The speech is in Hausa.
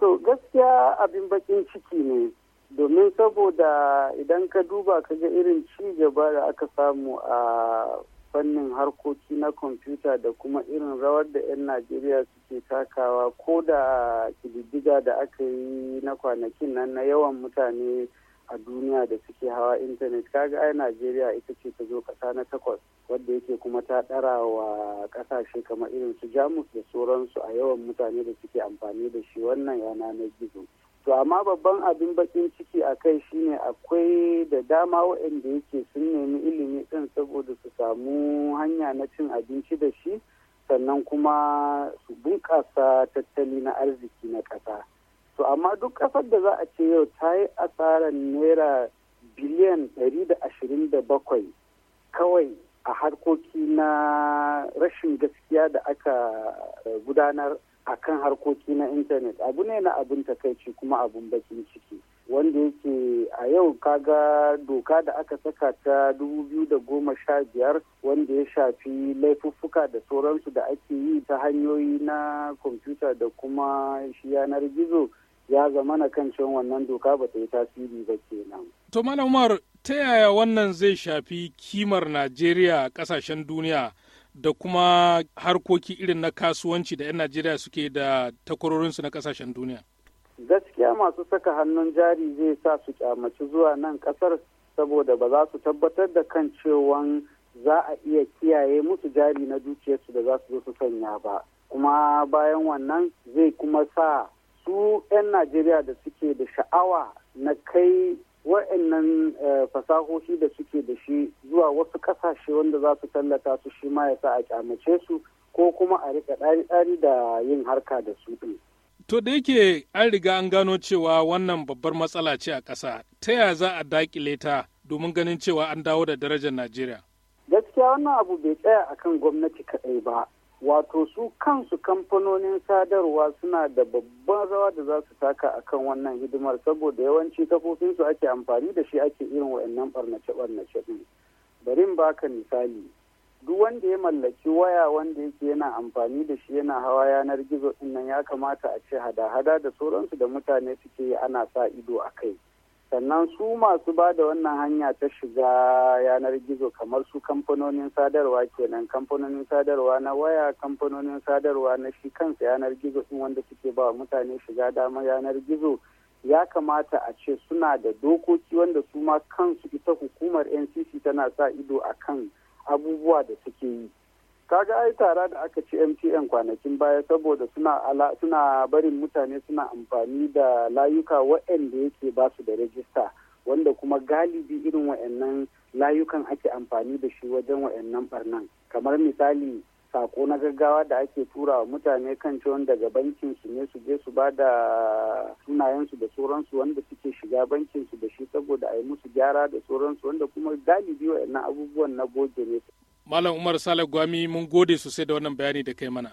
To gaskiya abin bakin ciki ne domin saboda idan ka duba ka ga irin ci gaba da aka samu a fannin harkoki na kwamfuta da kuma irin rawar da 'yan Najeriya suke takawa ko da kididdiga da aka yi na kwanakin nan na yawan mutane a duniya da suke hawa intanet kaga ai najeriya ita ce ta zo kasa na takwas wadda yake kuma ta dara wa kasashe kamar irin su jamus da sauransu a yawan mutane da suke amfani da shi wannan yana na gizo to amma babban abin bakin ciki a kai shine akwai da dama waɗanda yake sun nemi ilimi ɗin saboda su samu hanya na cin abinci da shi sannan kuma su bunƙasa tattali na arziki na ƙasa. amma duk ƙasar da za a ce yau ta yi asarar naira biliyan 127 kawai a harkoki na rashin gaskiya da aka eh, gudanar a kan harkoki na intanet abu ne na abin takaici kuma abin bakin ciki wanda yake a yau kaga doka da aka saka ta 2015 wanda ya shafi laifuffuka da sauransu da ake yi ta hanyoyi na kwamfuta da kuma shi yanar gizo ya zama na kan cewa wannan doka ba ta yi tasiri ba kenan. To Malam Umar ta yaya wannan zai shafi kimar Najeriya a ƙasashen duniya da kuma harkoki irin na kasuwanci da 'yan Najeriya suke da takwarorinsu na ƙasashen duniya? Gaskiya masu saka hannun jari zai sa su kyamaci zuwa nan ƙasar saboda ba za su tabbatar da kan cewa za a iya kiyaye musu jari na dukiyarsu da za su zo su sanya ba. Kuma bayan wannan zai kuma sa su 'yan najeriya da suke da sha'awa na kai wa'annan eh, fasahohi da suke da shi zuwa wasu kasashe wanda za su tallata su shi ma ya sa a kyamace su ko kuma a rika ɗari da yin harka da su ɗin. To da yake an riga an gano cewa wannan babbar matsala ce a ƙasa, ta ya za a daƙile ta domin ganin cewa an dawo da darajar Najeriya? Gaskiya wannan abu bai tsaya akan gwamnati kaɗai ba, wato su kansu kamfanonin sadarwa suna da babban rawa da za su taka a kan wannan hidimar saboda yawanci kafofin su ake amfani da shi ake irin wa'annan barnace-barnace din barin baka misali duk wanda ya mallaki waya wanda yake yana amfani da shi yana hawa yanar gizo ɗin nan ya kamata a ce hada-hada da sauransu da mutane suke yi ana sa ido a kai sannan su masu ba da wannan hanya ta shiga yanar gizo kamar su kamfanonin sadarwa kenan kamfanonin sadarwa na waya kamfanonin sadarwa na shi kansa yanar gizo din wanda suke ba mutane shiga dama yanar gizo ya kamata a ce suna da dokoki wanda su ma kansu ita hukumar ncc tana sa ido a kan abubuwa da suke yi kaga ai tara da aka ci mtn kwanakin baya saboda suna suna barin mutane suna amfani da layuka waɗanda yake ba su da rajista wanda kuma galibi irin waɗannan layukan ake amfani da shi wajen waɗannan barnan kamar misali sako na gaggawa da ake tura wa mutane kan ciwon daga bankin su ne su je su ba da sunayensu da sauransu wanda suke shiga bankin su da shi saboda a musu gyara da sauransu wanda kuma galibi waɗannan abubuwan na goge ne Malam Umar Sale Gwami mun gode sosai da wannan bayani da kai mana.